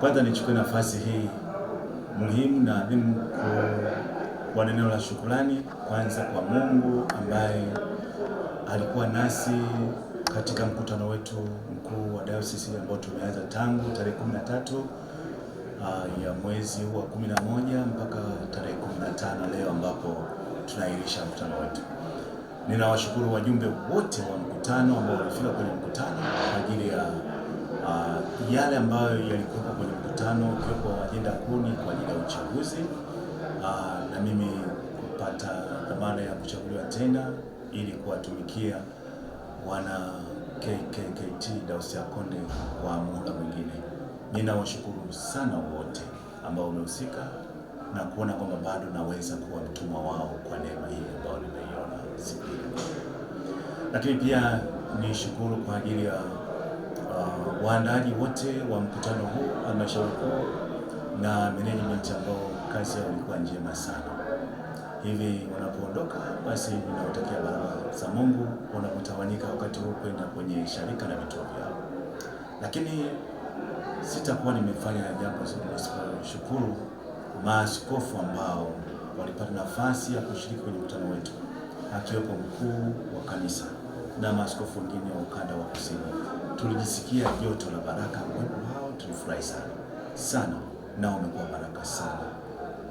Kwanza nichukue nafasi hii muhimu na adhimu kwa neno la shukrani kwanza kwa Mungu ambaye alikuwa nasi katika mkutano wetu mkuu wa dayosisi ambao tumeanza tangu tarehe 13 uh, ah, ya mwezi huu wa 11 mpaka tarehe 15 leo ambapo tunairisha mkutano wetu. Ninawashukuru wajumbe wote wa mkutano ambao walifika kwenye mkutano kwa ajili ya uh, yale ambayo yalikuwepo kwenye mkutano, ukiwepo ajenda kuni kwa ajili ya uchaguzi uh, na mimi kupata dhamana ya kuchaguliwa tena ili kuwatumikia wana KKKT Daus Konde kwa muda mwingine. Ninawashukuru sana wote ambao wamehusika na kuona kwamba bado naweza kuwa mtumwa wao kwa neema hii ambayo nimeiona siku hii, lakini pia nishukuru kwa ajili ya uh, waandaaji wote wa mkutano huu, halmashauri kuu na management, ambao kazi yao ilikuwa njema sana. Hivi wanapoondoka basi, ninawatakia baraka za Mungu wanapotawanyika wakati huu kwenda kwenye sharika na vituo vyao, lakini sitakuwa nimefanya jambo shukuru maaskofu ambao walipata nafasi ya kushiriki kwenye mkutano wetu akiwepo mkuu wa kanisa na maaskofu wengine wa ukanda wa kusini. Tulijisikia joto la baraka wao, tulifurahi sana sana, nao umekuwa baraka sana.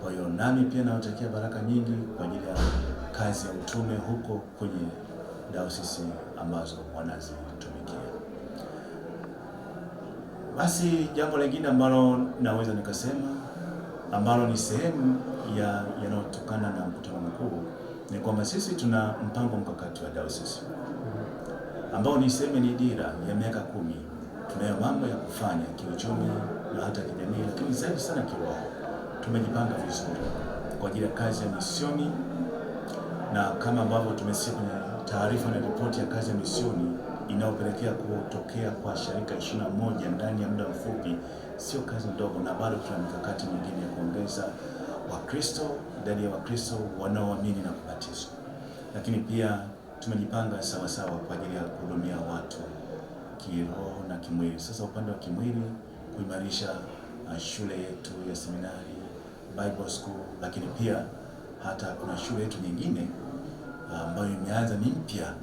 Kwa hiyo nami pia nawatakia baraka nyingi kwa ajili ya kazi ya utume huko kwenye dayosisi ambazo wanazitumikia. Basi jambo lingine ambalo naweza nikasema ambalo ni sehemu ya yanayotokana na mkutano mkuu ni kwamba sisi tuna mpango mkakati wa dayosisi ambao niseme ni dira ya miaka kumi. Tunayo mambo ya kufanya kiuchumi na hata kijamii, lakini zaidi sana kiroho. Tumejipanga vizuri kwa ajili ya kazi ya misioni, na kama ambavyo tumesikia kwenye taarifa na ripoti ya kazi ya misioni inayopelekea kutokea kwa sharika ishirini na moja ndani ya muda mfupi, sio kazi ndogo, na bado tuna mikakati mingine ya kuongeza Wakristo, idadi ya Wakristo wanaoamini na kubatizwa, lakini pia tumejipanga sawasawa kwa ajili ya kuhudumia watu kiroho na kimwili. Sasa upande wa kimwili kuimarisha uh, shule yetu ya seminari Bible School, lakini pia hata kuna shule yetu nyingine uh, ambayo uh, imeanza ni mpya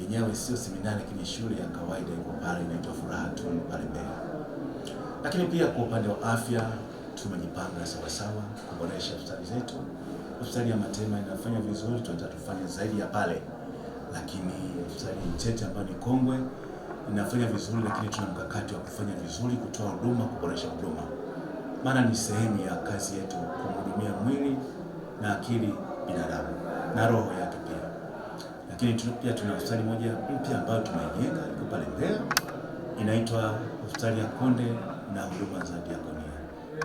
yenyewe, sio seminari, lakini shule ya kawaida iko pale inaitwa Furaha Tunu pale Mbeya. Lakini pia kwa upande wa afya tumejipanga sawasawa kuboresha hospitali zetu. Hospitali ya Matema inafanya vizuri, tunataka tufanye zaidi ya pale lakini hospitali Mtete ambayo ni kongwe inafanya vizuri, lakini tuna mkakati wa kufanya vizuri, kutoa huduma, kuboresha huduma, maana ni sehemu ya kazi yetu kumhudumia mwili na akili binadamu na roho yake pia. Lakini pia tuna hospitali moja mpya ambayo tumeijenga iko pale Mbeya, inaitwa hospitali ya Konde na huduma za diakonia.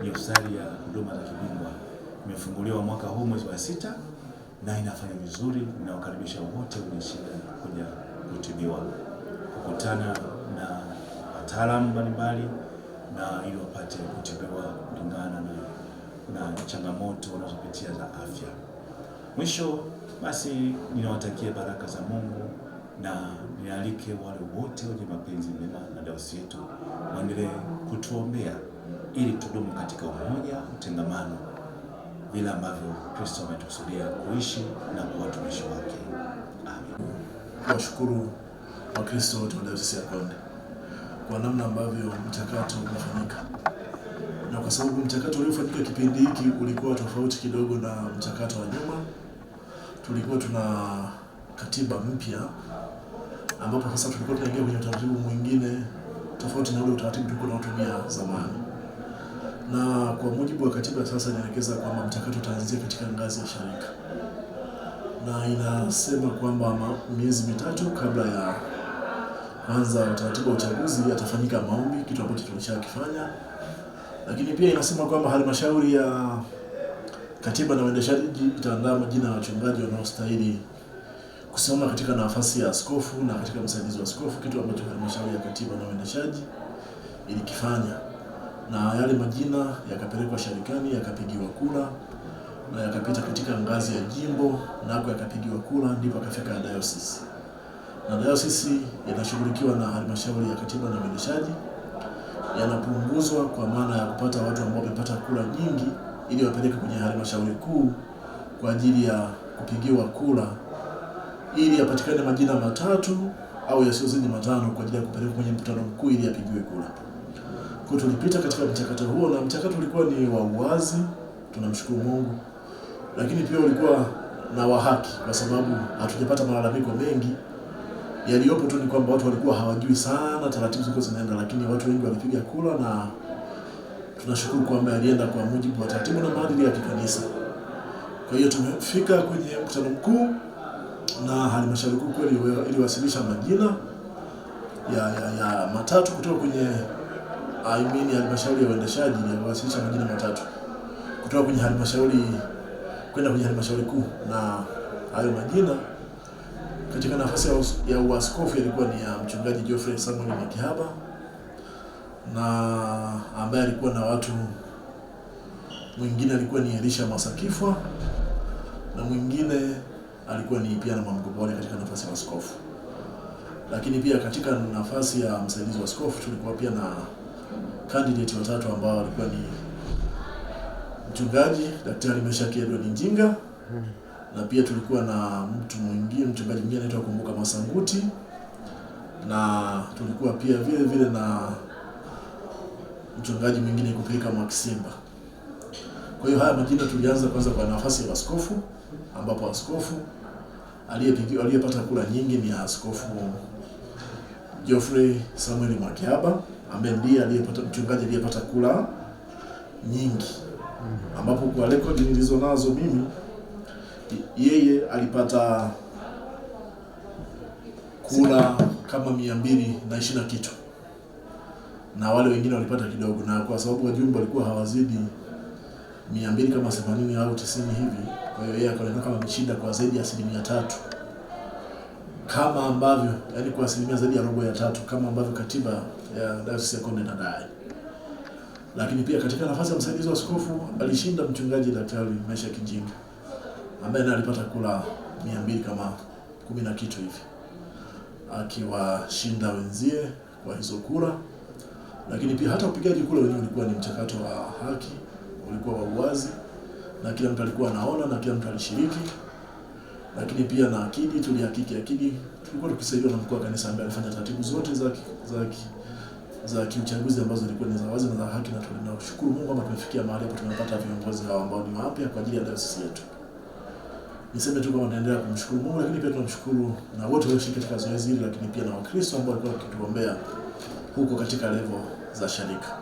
Ni hospitali ya huduma za kibingwa, imefunguliwa mwaka huu mwezi wa sita na inafanya vizuri na wote wenye shida kuja kutibiwa, kukutana na wataalamu mbalimbali na ili wapate kutibiwa kulingana na, na changamoto wanazopitia za afya. Mwisho basi, ninawatakia baraka za Mungu na nialike wale wote wenye mapenzi mema na dawsi yetu waendelee kutuombea ili tudumu katika umoja, utengamano vile ambavyo Kristo ametukusudia kuishi na kuwa watumishi wake. Amen. Washukuru Wakristo wote wa Dayosisi ya Konde kwa namna ambavyo mchakato umefanyika, na kwa sababu mchakato uliofanyika kipindi hiki ulikuwa tofauti kidogo na mchakato wa nyuma. Tulikuwa tuna katiba mpya ambapo sasa tulikuwa tunaingia kwenye utaratibu mwingine tofauti na ule utaratibu tulikuwa tunatumia zamani na kwa mujibu wa katiba sasa inaelekeza kwamba mchakato utaanzia katika ngazi ya shirika na inasema kwamba miezi mitatu kabla ya kwanza utaratibu wa uchaguzi atafanyika maombi, kitu ambacho tulishakifanya. Lakini pia inasema kwamba halmashauri ya katiba na uendeshaji itaandaa majina ya wachungaji wanaostahili kusimama katika nafasi ya askofu na katika msaidizi wa askofu, kitu ambacho halmashauri ya katiba na uendeshaji ilikifanya na yale majina yakapelekwa sharikani yakapigiwa kura na yakapita katika ngazi ya jimbo nako yakapigiwa kura, ndipo akafika dayosisi, na dayosisi yanashughulikiwa na halmashauri ya katiba na uendeshaji, yanapunguzwa kwa maana ya kupata watu ambao wamepata kura nyingi ili wapeleke kwenye halmashauri kuu kwa ajili ya kupigiwa kura ili yapatikane majina matatu au yasiozidi matano kwa ajili ya kupeleka kwenye mkutano mkuu ili yapigiwe kura. Kwa hiyo tulipita katika mchakato huo, na mchakato ulikuwa ni wa uwazi, tunamshukuru Mungu, lakini pia ulikuwa na wa haki, kwa sababu hatujapata malalamiko mengi. Yaliyopo tu ni kwamba watu walikuwa hawajui sana taratibu zilikuwa zinaenda, lakini watu wengi walipiga kura na tunashukuru kwamba alienda kwa mujibu wa taratibu na maadili ya kikanisa. Kwa hiyo tumefika kwenye mkutano mkuu na halmashauri kuu kweli iliwasilisha majina ya, ya, ya matatu kutoka kwenye I mean halmashauri ya uendeshaji iliwasilisha majina matatu kutoka kwenye halmashauri kwenda kwenye halmashauri kuu, na hayo majina katika nafasi ya uaskofu yalikuwa ni ya mchungaji Geoffrey Samuel Makihaba na ambaye alikuwa na watu mwingine alikuwa ni Elisha Masakifwa na mwingine alikuwa ni pia na Mwamgobole katika nafasi ya askofu. Lakini pia katika nafasi ya msaidizi wa askofu tulikuwa pia na candidate watatu ambao walikuwa ni mchungaji Daktari Meshaki Edward Njinga hmm. na pia tulikuwa na mtu mwingine mchungaji mwingine anaitwa Kumbuka Masanguti na tulikuwa pia vile vile na mchungaji mwingine Kupika Makisimba. Kwa hiyo haya majina tulianza kwanza kwa nafasi ya askofu, ambapo askofu aliyepigiwa aliyepata kura nyingi ni askofu Geoffrey Samuel Mwakiaba ambaye ndiye aliyepata mchungaji aliyepata kula nyingi, mhm. ambapo kwa rekodi nilizo nazo mimi yeye alipata kula kama mia mbili na ishirini na kitu na wale wengine walipata kidogo, na kwa sababu wajumbe walikuwa hawazidi mia mbili kama themanini au tisini hivi. Kwa hiyo yeye akaonekana kama mshinda kwa zaidi ya asilimia tatu kama ambavyo yani kwa asilimia zaidi ya robo ya tatu kama ambavyo katiba ya Dayosisi ya Konde inadai. Lakini pia katika nafasi ya msaidizi wa askofu alishinda mchungaji Daktari Maisha Kijinga ambaye naye alipata kura mia mbili kama kumi na kitu hivi akiwashinda wenzie kwa hizo kura. Lakini pia hata upigaji kura wenyewe ulikuwa ni mchakato wa haki, ulikuwa wa uwazi na kila mtu alikuwa anaona na kila mtu alishiriki lakini pia na akidi tulihakiki akidi. Tulikuwa tukisaidiwa na mkuu wa kanisa ambaye alifanya taratibu zote za za za kiuchaguzi ambazo zilikuwa ni za wazi na za haki, na tunashukuru Mungu kwamba tumefikia mahali hapo, tumepata viongozi hao ambao ni wapya kwa ajili ya dayosisi yetu. Niseme tu kwamba tunaendelea kumshukuru Mungu, lakini pia tunamshukuru na wote walioshiriki katika zoezi hili, lakini pia na Wakristo ambao walikuwa wakituombea huko katika levo za sharika.